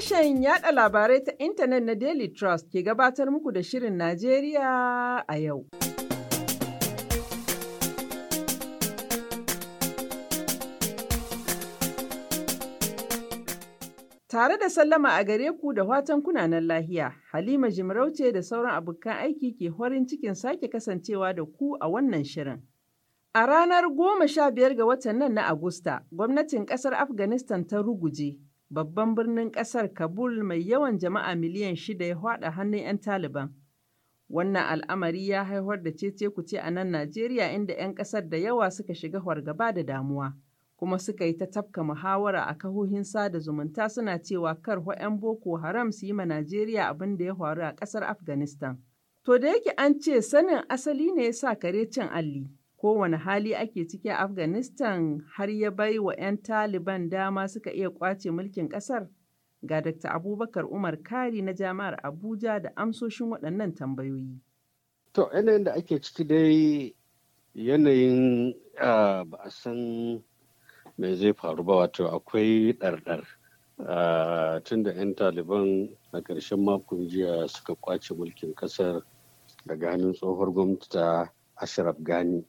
Sashen yada labarai ta intanet na Daily Trust ke gabatar muku da Shirin Najeriya a yau. Tare da sallama a gare ku da watan kunanan lahiya, Halima Jimarauce da sauran abokan aiki ke horin cikin sake kasancewa da ku a wannan shirin. A ranar goma sha biyar ga watan nan na Agusta, gwamnatin ƙasar Afghanistan ta ruguje babban birnin ƙasar Kabul mai yawan jama'a miliyan shida ya haɗa hannun 'yan Taliban. Wannan al'amari ya haifar da cece-kuce a nan Najeriya inda 'yan ƙasar da yawa suka shiga fargaba da damuwa, kuma suka yi ta tafka muhawara a kahohin sada zumunta suna cewa kar 'yan Boko Haram su yi ma Najeriya abin da ya faru a ƙasar Afghanistan. To da yake an ce sanin asali ne ya sa kare cin alli. kowane hali ake ciki a Afghanistan har ya bai wa 'yan Taliban dama suka iya kwace mulkin ƙasar? Ga Dr. Abubakar Umar Kari na Jami'ar Abuja da amsoshin waɗannan tambayoyi. To, yanayin da ake ciki dai yanayin ah, ba a san me zai faru ba wato akwai ɗarɗar. Ah, tun da 'yan Taliban a ƙarshen makon jiya suka kwace mulkin ƙasar daga hannun tsohuwar gwamnati ta ashraf gani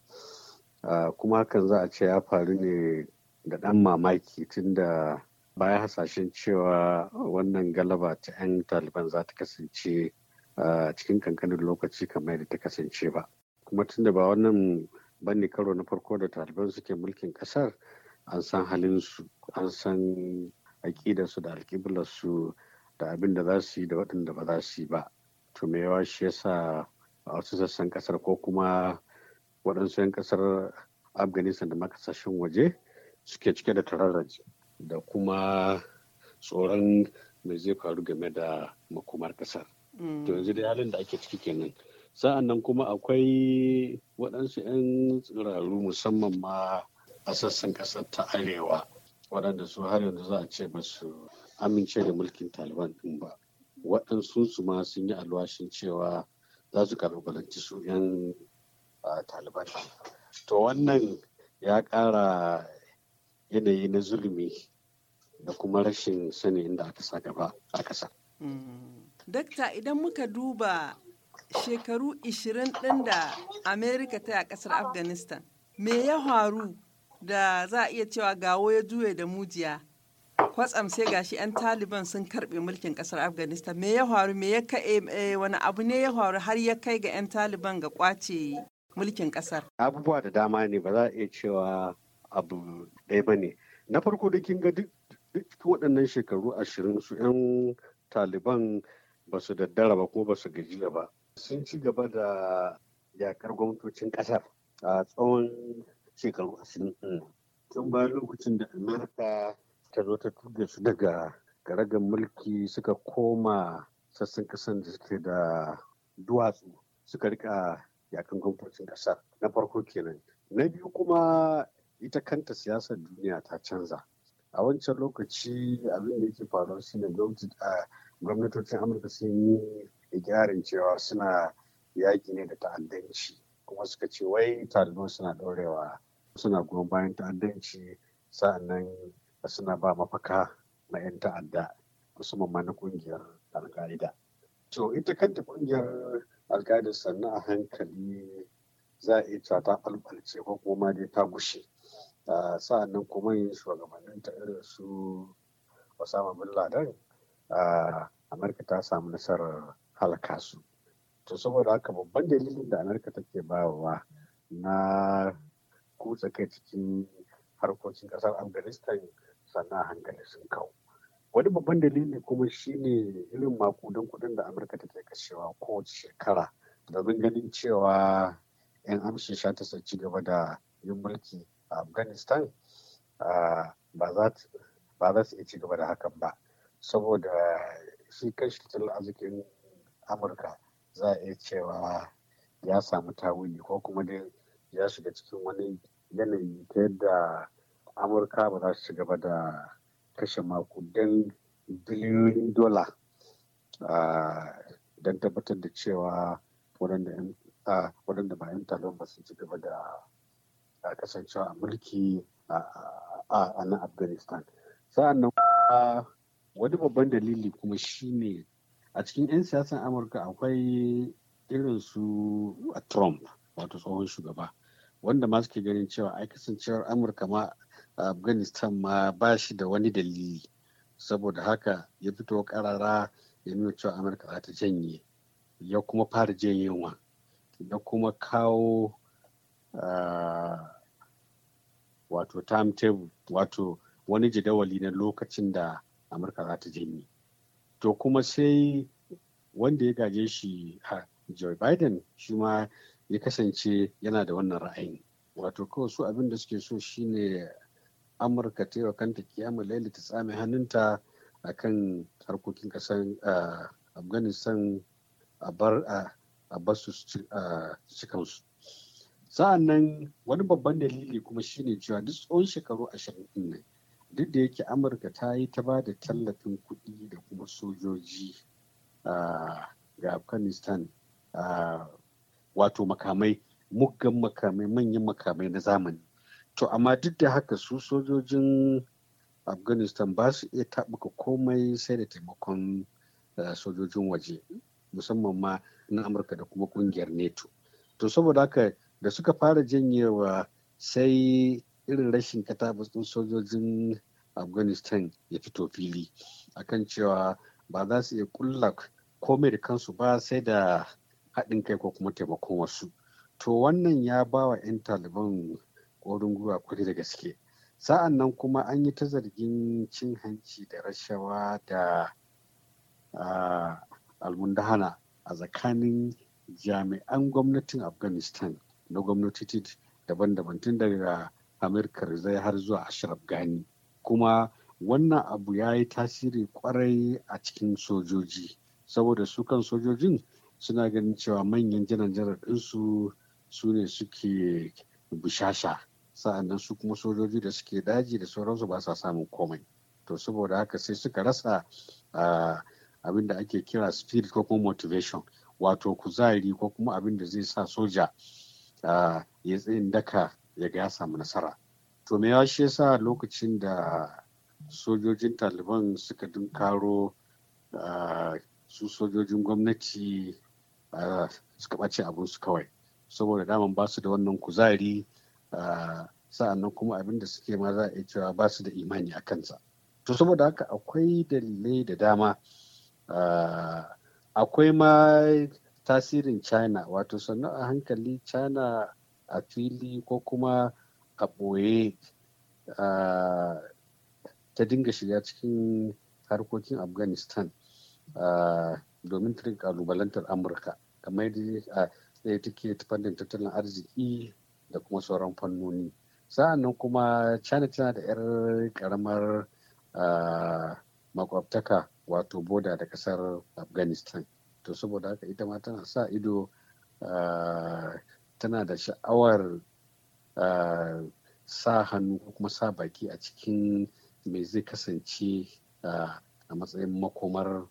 ah, kuma hakan za a ce ya faru ne da ɗan mamaki tunda bayan hasashen cewa wannan galaba ta 'yan taliban za ta kasance ah, cikin kankanin lokaci kamar yadda ta kasance ba kuma tunda ba wannan banne karo na farko da taliban suke mulkin kasar an san halinsu an san aƙidarsu da alƙiblarsu da abin da za su yi da waɗanda ba za su yi ba to me yawa shi yasa a wasu sassan kasar ko kuma waɗansu 'yan kasar afghanistan da makasashen waje suke cike da tararraji da kuma tsoron mai zai faru game da makomar kasar mm. to yanzu da halin da ake ciki kenan sa'an nan kuma akwai waɗansu 'yan tsiraru musamman ma a sassan kasar ta arewa waɗanda su har yanzu za a ce ba su amince da mulkin taliban ɗin ba waɗansu su ma sun yi alwashin cewa za su kalubalanci su 'yan taliban to wannan ya kara yanayi na zulumi da kuma rashin sani inda aka sa gaba a ƙasa. Mm. dakta idan muka duba shekaru 20 ɗin da amerika ta a ƙasar afghanistan me ya faru da za a iya cewa gawo ya juye da mujiya kwatsam sai gashi 'yan taliban sun karbe mulkin kasar afghanistan me ya faru me ya kai eh, eh, wani abu ne ya faru har ya kai ga 'yan taliban ga kwace mulkin kasar abubuwa da dama ne ba za a iya cewa abu ɗaya ba ne na farko da kin ga duk waɗannan shekaru ashirin su 'yan taliban ba su daddara ba ko ba su gajiya ba sun ci gaba da yakar gwamnatocin kasar a tsawon shekaru ashirin tun bayan lokacin da amurka ta zo ta tuge su daga garagan mulki suka koma sassan kasan da suke da duwatsu suka rika yakan gwamnatin kasar na farko kenan na biyu kuma ita kanta siyasar duniya ta canza a wancan lokaci abin da yake faruwa ne gwamnatocin amurka sun yi ikirarin cewa suna yaƙi ne da ta'addanci kuma suka ce wai taliban suna ɗorewa suna goma bayan ta'addanci sa'annan suna ba mafaka na 'yan ta'adda musamman ma na kungiyar alka'ida to ita kanta kungiyar alka'ida sannan a hankali za a iya ta falfalce ko kuma dai ta gushe sa'an nan kuma yin shugabannin ta irin su osama bin laden amurka ta samu nasarar halaka su to saboda haka babban dalilin da amurka take bawa na kutsa kai cikin harkokin kasar afghanistan sannan hankali sun kawo wani babban dalili kuma shine irin makudan kuɗin da amurka ta take kashewa kowace shekara domin ganin cewa 'yan amshi sha ta ci gaba da yin mulki a afghanistan ba za su iya ci gaba da hakan ba saboda shi kashi arzikin amurka za a iya cewa ya samu tawuyi ko kuma dai ya shiga cikin wani yanayi ta yadda amurka ba za su ci gaba da kashe makudin biliyoyin dola don tabbatar da cewa waɗanda ba yin talon ba su ci gaba da kasancewa a mulki a nan afghanistan sa'an nan wani babban dalili kuma shine a cikin 'yan siyasan amurka akwai irin su trump wato tsohon shugaba wanda ma suke ganin cewa ai kasancewar amurka ma a afghanistan ma ba shi da wani dalili saboda haka ya fito karara ya nuna cewa amurka za ta janye ya kuma fara janyewa ya kuma kawo wato timetable wato wani jadawali na lokacin da amurka za ta janye to kuma sai wanda ya gaje shi a joe biden shi ma ya kasance yana da wannan ra'ayin wato kawai su abin da suke so shine amurka ta yi wa kanta kiyama laili ta tsami hannunta a kan harkokin ƙasar afghanistan a bar a basu cikansu sa'an nan wani babban dalili kuma shine cewa duk tsawon shekaru ashirin din nan duk da yake amurka ta yi ta ba da tallafin kuɗi da kuma sojoji ga afghanistan wato makamai muggan makamai manyan makamai na zamani to amma duk da haka su sojojin afghanistan ba su iya taɓuka komai sai da taimakon eh, sojojin waje musamman ma na amurka da kuma kungiyar neto to saboda haka da suka fara janyewa sai irin rashin katabasin sojojin afghanistan ya fito fili akan cewa ba za su iya kulla komai da kansu ba sai da haɗin kai ko kuma taimakon wasu to wannan ya ba wa 'yan taliban ƙorin gwiwa kwarai da gaske sa'an nan kuma an yi ta zargin cin hanci da rashawa da almundahana a tsakanin jami'an gwamnatin afghanistan na gwamnati daban-daban tun daga amurka zai har zuwa ashraf gani kuma wannan abu ya yi tasiri kwarai a cikin sojoji saboda su kan sojojin suna ganin cewa manyan janar-janar ɗinsu su ne suke bushasha sa'annan su kuma sojoji da suke daji da sauransu ba sa samun komai to saboda haka sai suka rasa abin da ake kira spirit ko kuma motivation wato kuzari ko kuma abin da zai sa soja ya tsayin daka ya ga ya samu nasara to me ya shi yasa lokacin da sojojin taliban suka karo su sojojin gwamnati suka ɓace su kawai saboda daman ba su da wannan kuzari Ah, sa'annan kuma abinda suke ma za a iya cewa ba su da imani a kansa to saboda haka akwai dalilai da dama ah, akwai ma tasirin china wato sannan a hankali china a fili ko kuma a ɓoye ah, ta dinga shiga cikin harkokin afghanistan domin turin kalubalantar amurka kamar yadda take ta fannin tattalin arziki da kuma sauran fannoni sa'annan kuma china tana da 'yar karamar ah, makwabtaka wato boda da kasar afghanistan to saboda haka ita ma tana sa ido ah, tana da sha'awar ah, sa hannu ko kuma sa baki a cikin mai zai kasance a matsayin makomar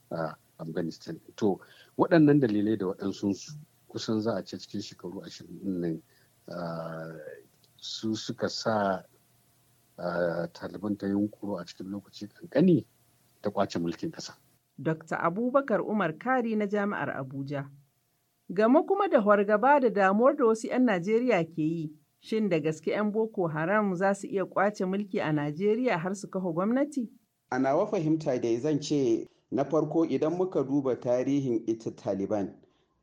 afghanistan to waɗannan dalilai da waɗansu kusan za a ce cikin shekaru ashirin nan su suka sa ah, taliban ta yunkuro a cikin lokaci kankani ta kwace mulkin ƙasa. Dr. Abubakar Umar Kari na Jami'ar Abuja. Game kuma da hargaba da damuwar da wasu 'yan Najeriya ke yi, shin da gaske 'yan Boko Haram za su iya kwace mulki a Najeriya har su kafa gwamnati? A nawa fahimta dai zan ce na farko idan muka duba tarihin ita Taliban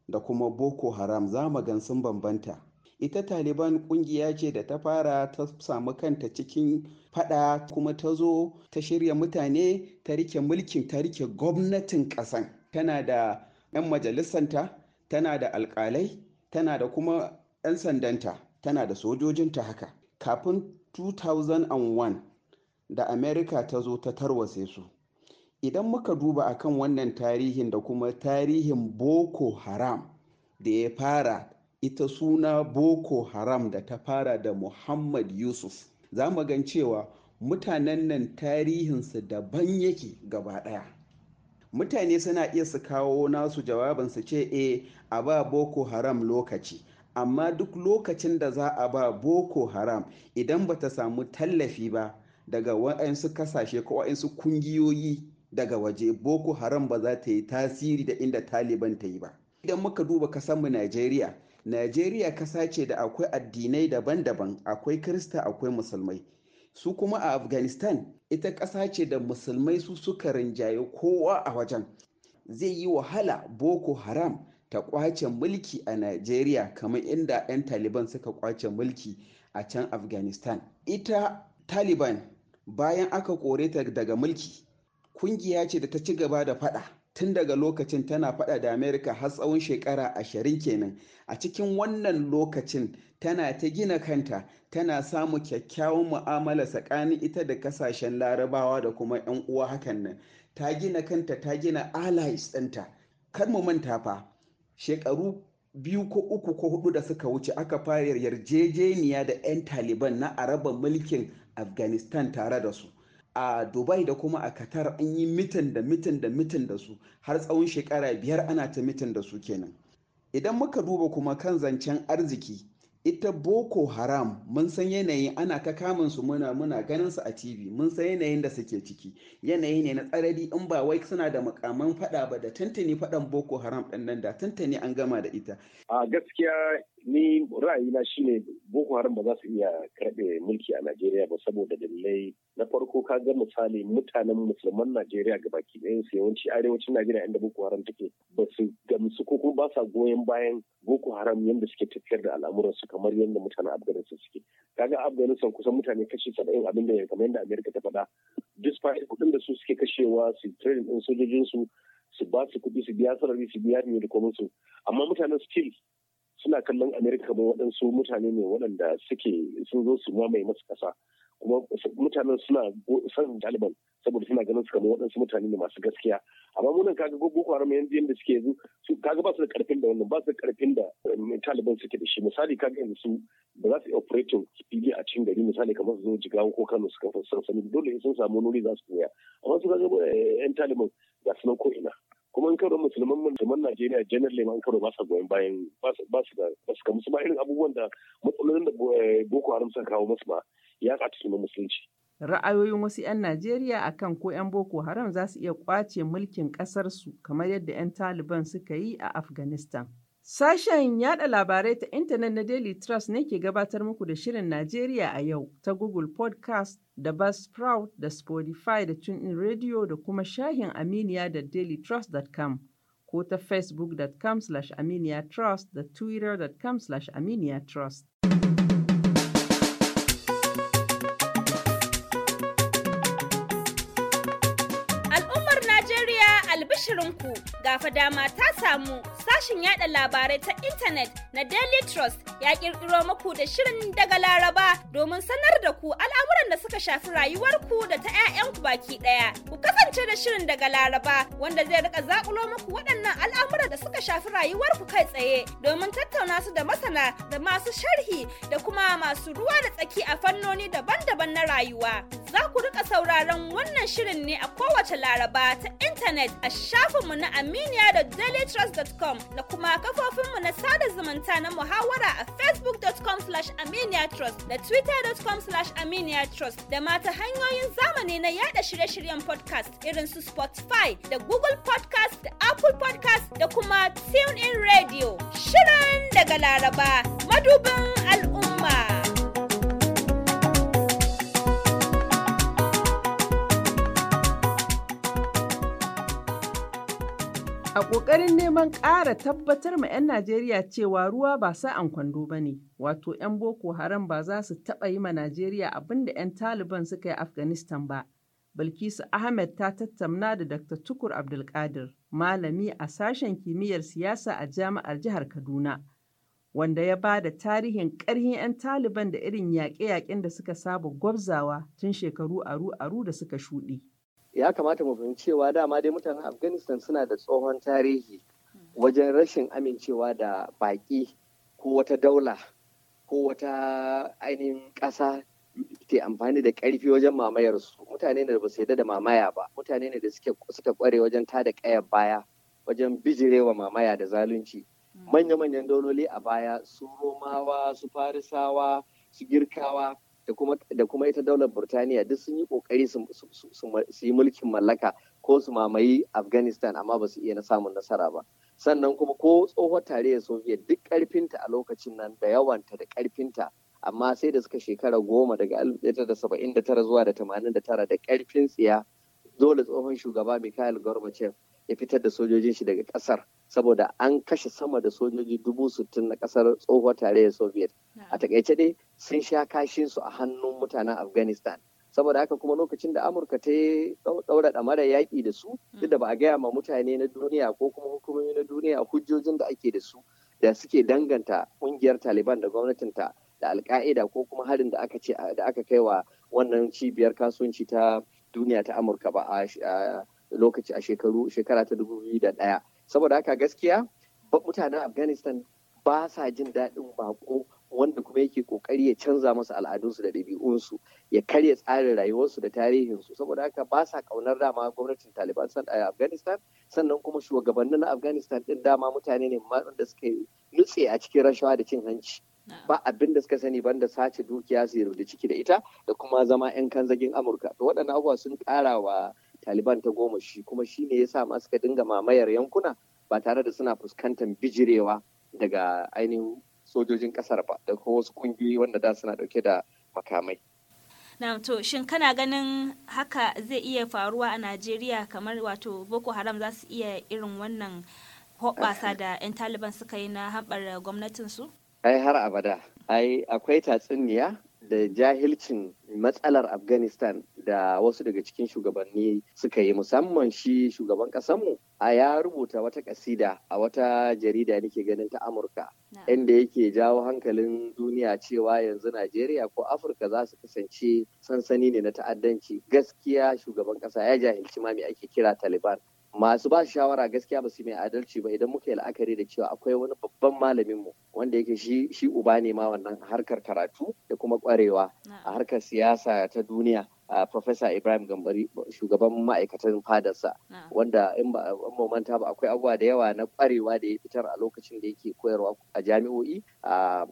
da kuma Boko Haram za mu gan sun bambanta. ita taliban kungiya ce da ta fara ta samu kanta cikin fada kuma ta zo ta shirya mutane ta rike mulkin ta rike gwamnatin kasan tana da 'yan majalisanta tana da alkalai tana da kuma 'yan sandanta tana da sojojinta haka kafin 2001 da amerika ta zo ta tarwase su idan muka duba akan wannan tarihin da kuma tarihin boko haram da ya fara ita suna boko haram da ta fara da muhammad yusuf za mu gan cewa mutanen nan tarihinsu daban yake gaba ɗaya mutane suna iya su kawo nasu jawabinsu ce e a ba boko haram lokaci amma duk lokacin da za a ba boko haram idan ba ta samu tallafi ba daga wa'ansu kasashe ko wa'ansu kungiyoyi daga waje boko haram ba za ta yi tasiri da inda taliban ta yi ba idan muka duba kasanmu najeriya Najeriya kasa ce da akwai addinai daban-daban, akwai Kirista, akwai Musulmai. Su kuma a Afghanistan, ita ƙasa ce da Musulmai su suka rinjaye kowa a wajen. Zai yi wahala Boko Haram ta kwace mulki a Najeriya kamar inda 'yan Taliban suka kwace mulki a can Afghanistan. Ita Taliban bayan aka kore ta daga mulki, kungiya ce da ta ci gaba da faɗa. tun daga lokacin tana fada da amerika har tsawon shekara ashirin kenan a cikin wannan lokacin tana ta gina kanta tana samu kyakkyawan mu'amala tsakanin ita da kasashen larabawa da kuma 'yan uwa hakan nan ta gina kanta ta gina allies ɗinta kar mu manta fa shekaru biyu ko uku ko hudu da suka wuce aka fara yarjejeniya da 'yan taliban na araba mulkin afghanistan tare da su a dubai da kuma a qatar an yi mitin da mitin da mitin da su har tsawon shekara biyar ana ta mitin da su kenan idan muka duba kuma kan zancen arziki ita boko haram mun san yanayin ana ka kamun su muna muna ganin su a tv mun san yanayin da suke ciki yanayi ne na tsarari in ba wai suna da makaman fada ba da tantani fadan boko haram din nan da tantani an gama da ita a gaskiya ni ra'ayina shine boko haram ba za su iya karɓe mulki a najeriya ba saboda dalilai na farko ka ga misali mutanen musulman najeriya ga baki ɗaya su yawanci arewacin najeriya inda boko haram take ba su gamsu ko kuma ba sa goyon bayan boko haram yadda suke tafiyar da al'amuransu kamar yadda mutanen afghanistan suke kaga afghanistan kusan mutane kashi saba'in abin da kamar yadda amerika ta faɗa despite kuɗin da su suke kashewa su training ɗin sojojinsu su ba su kuɗi su biya sarari su biya ne da kuma su amma mutanen still suna kallon amerika ba waɗansu mutane ne waɗanda suke sun zo su mamaye masu ƙasa kuma mutanen suna son taliban saboda suna ganin su kamar waɗansu mutane ne masu gaskiya amma munan kaga boko haram yanzu yanda suke yanzu kaga ba su da karfin da wannan ba su da karfin da eh, taliban suke da shi misali kaga yanzu su ba za su yi operating fili a cikin gari misali kamar su zo jigawa ko kano su kafa sansani dole sun samu nuri za su koya amma su kaga eh, yan taliban ga su nan ko ina kuma in karo musulman musulman Najeriya generally ma in karo ba goyon bayan ba su da ba su ma irin abubuwan da matsalolin da eh, Boko Haram sun kawo musu ba ya kaci su musulunci. Ra'ayoyin wasu 'yan Najeriya akan ko 'yan Boko Haram za su iya kwace mulkin ƙasarsu kamar yadda 'yan Taliban suka yi a Afghanistan. Sashen yaɗa labarai ta intanet na Daily Trust ne ke gabatar muku da Shirin Najeriya a yau ta Google Podcast da Buzzsprout da Spotify da TuneIn Radio da kuma shahin Aminiya da dailytrust.com ko ta facebookcom trust da twittercom trust Al'ummar Najeriya albishirinku. gafa dama ta samu sashin yada labarai ta intanet na Daily Trust ya kirkiro muku da shirin daga Laraba domin sanar da ku al'amuran da suka shafi rayuwarku da ta 'ya'yanku baki daya. Ku kasance da shirin daga Laraba wanda zai rika zakulo muku waɗannan al'amuran da suka shafi rayuwarku kai tsaye domin tattauna su da masana da masu sharhi da kuma masu ruwa da tsaki a fannoni daban-daban na rayuwa. Za ku rika sauraron wannan shirin ne a kowace Laraba ta intanet a shafinmu na Amin aminiya.dailytrust.com da kuma kafofinmu na sada zumunta na muhawara a facebook.com slash aminiyatrust da twitter.com slash aminiyatrust da mata hanyoyin zamani na yada shirye-shiryen podcast irin su spotify da google podcast da apple podcast da kuma tune in radio shirin daga laraba madubin al'umma. ƙoƙarin neman ƙara tabbatar ma 'yan Najeriya cewa ruwa ba sa'an kwando ba ne, wato 'yan Boko Haram ba za su taɓa yi ma Najeriya abinda 'yan Taliban suka yi Afghanistan ba. Bilkisu Ahmed ta tattamna da Dr. Tukur Abdulkadir, malami a sashen kimiyyar siyasa a jami'ar jihar Kaduna, wanda ya ba da tarihin ƙarhin 'yan Taliban da irin yaƙe-yaƙen da suka saba gwabzawa tun shekaru aru-aru da suka shuɗe. ya kamata mu fahimci cewa dama dai mutanen afghanistan suna da tsohon tarihi wajen rashin amincewa da baƙi ko wata daula ko wata ainihin ƙasa ke amfani da karfi wajen mamayar mutane ne da ba su yarda da mamaya ba mutane ne da suka kware wajen tada ƙayar baya wajen bijirewa mamaya da zalunci mm. manya-manyan dauloli a baya su romawa su farisawa su girkawa da kuma ita daular burtaniya duk sun yi kokari su yi mulkin mallaka ko su mamayi afghanistan amma ba su iya na samun nasara ba sannan kuma ko tsohon tarayyar soviet duk karfinta a lokacin nan da yawanta da karfinta amma sai da suka shekara goma daga 1979 zuwa da 89 da karfin tsiya dole tsohon shugaba mikhail gorbachev ya fitar da sojojin shi daga kasar saboda an kashe sama da sojoji dubu sittin na kasar tsohuwar tarayyar soviet a takaice dai sun sha kashin su a hannun mutanen afghanistan saboda haka kuma lokacin da amurka ta daura da mara yaƙi da su hmm. duk da ba a gaya ma mutane na duniya ko kuma hukumomi na duniya hujjojin da ake da su da suke danganta kungiyar taliban da gwamnatinta da alka'ida ko kuma harin da aka ce da aka kai wa wannan cibiyar kasuwanci ta duniya ta amurka ba a lokaci a shekaru shekara ta dubu biyu da ɗaya. saboda haka gaskiya mutanen afghanistan ba sa jin daɗin bako wanda kuma yake kokari ya canza masu al'adunsu da ɗabi'unsu ya karya tsarin rayuwarsu da tarihinsu saboda haka ba sa kaunar dama gwamnatin taliban a eh, afghanistan sannan kuma shugabannin na afghanistan ɗin dama mutane ne da suka nutse a cikin rashawa da cin hanci ba abin da suka sani banda sace dukiya su yi ciki da ita da kuma zama 'yan kanzagin amurka to waɗannan abubuwa sun ƙara wa taliban ta goma shi kuma shi ne ya sa ma suka dinga mamayar yankuna ba tare da suna fuskantar bijirewa daga ainihin sojojin kasar ba da kuma wasu kungiyoyi wanda da suna dauke da makamai na to shin kana ganin haka zai iya faruwa a najeriya kamar wato boko haram za su iya irin wannan hoɓasa da 'yan taliban suka yi na haɓar gwamnatinsu ai har abada ai akwai tatsuniya da jahilcin matsalar afghanistan da wasu daga cikin shugabanni suka yi musamman shi shugaban kasanmu a ya rubuta wata kasida a wata jarida nake ganin ta amurka inda yake jawo hankalin duniya cewa yanzu najeriya ko afirka za su kasance sansani ne na ta'addanci gaskiya shugaban ƙasa. ya jahilci ma me ake kira taliban masu ba shawara gaskiya ba su mai adalci ba idan muka yi la'akari da cewa akwai wani babban malamin mu wanda yake shi uba ne ma wannan harkar karatu da kuma kwarewa a harkar siyasa ta duniya a Professor Ibrahim Gambari shugaban ma'aikatan fadarsa wanda in ba manta ba akwai abubuwa da yawa na kwarewa da ya fitar a lokacin da yake koyarwa a jami'o'i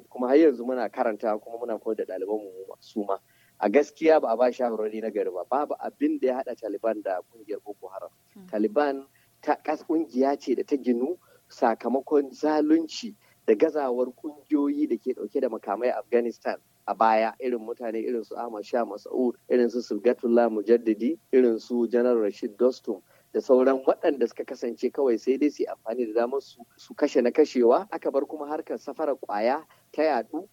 kuma har yanzu muna karanta kuma muna koyar da ɗalibanmu su ma a gaskiya ba a ba shawarwari na gari ba babu abin da ya haɗa taliban da kungiyar boko haram Hmm. Taliban ta ƙungiya ce da ta ginu sakamakon zalunci da gazawar ƙungiyoyi da ke ɗauke da makamai Afghanistan. a baya irin mutane irin su Ahmad Shah masa'ud irin su Sulgatullah Mujaddidi irin su Janar Rashid Dostum da sauran waɗanda suka kasance kawai sai dai su amfani da damar su kashe na kashewa aka bar kuma harkar safarar kwaya ta yadu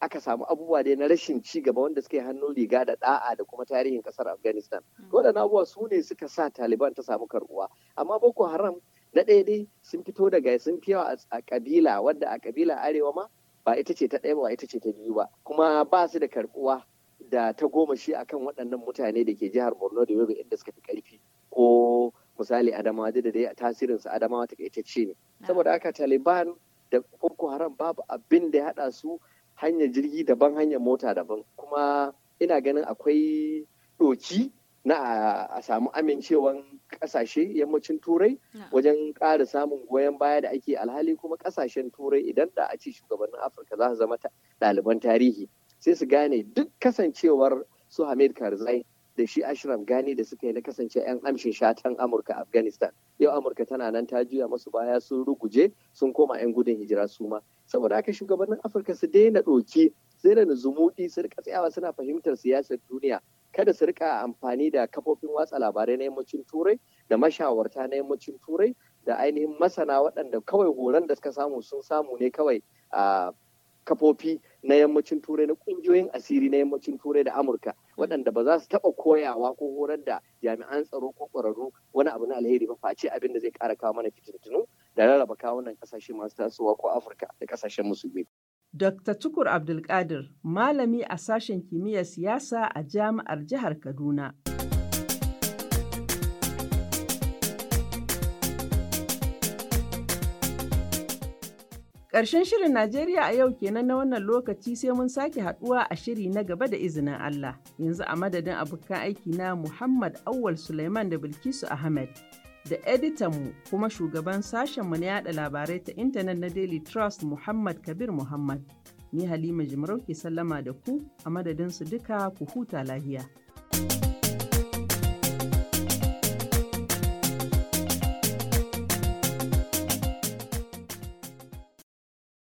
aka samu abubuwa dai na rashin ci gaba wanda suke hannun riga da da'a da kuma tarihin kasar afghanistan mm. waɗannan abubuwa su ne suka sa taliban ta samu karbuwa amma boko haram na ɗaya dai sun fito daga sun fi yawa a kabila wadda a kabila arewa ma ba ita ce ta ɗaya ba ita ce ta biyu ba kuma ba su da karbuwa da ta goma shi akan waɗannan mutane da ke jihar borno da yobe inda suka fi ƙarfi ko misali adamawa da dai tasirin su adamawa ta ce ne saboda haka taliban da boko haram babu abin da ya haɗa su hanyar jirgi daban hanyar mota daban kuma ina ganin akwai ɗoki na a samu amincewan ƙasashe yammacin turai wajen ƙara samun goyon baya da ake alhali kuma ƙasashen turai idan da a ce shugabannin afirka za su zama ɗaliban tarihi sai su gane duk kasancewar su hamid karzai da shi ashraf gani da suka yi na kasance 'yan amshin shatan amurka afghanistan yau amurka tana nan ta juya masu baya sun ruguje sun koma 'yan gudun hijira su ma saboda haka shugabannin afirka su daina ɗoki sai da zumuɗi su rika tsayawa suna fahimtar siyasar duniya kada su rika amfani da kafofin watsa labarai na yammacin turai da mashawarta na yammacin turai da ainihin masana waɗanda kawai horon da suka samu sun samu ne kawai a kafofi na yammacin turai na kungiyoyin asiri na yammacin turai da amurka waɗanda ba za su taɓa koyawa ko horar da jami'an tsaro ko ƙwararru wani abu na alheri ba face abin da zai ƙara kawo mana fitintunu da rarraba kawunan ƙasashe masu tasowa ko afirka da ƙasashen musulmi. Dr. Tukur Abdulkadir, malami a sashen kimiyyar siyasa a jami'ar jihar Kaduna. Ƙarshen shirin Najeriya a yau kenan na wannan lokaci sai mun sake haɗuwa a shiri na gaba da izinin Allah. Yanzu a madadin abokan aiki na Muhammad Awwal Suleiman da Bilkisu Ahmed da editanmu kuma shugaban sashenmu na yada labarai ta intanet na Daily Trust Muhammad Kabir Muhammad. Ni Halima Jimarau ke sallama da ku a madadin su duka ku huta lahiya.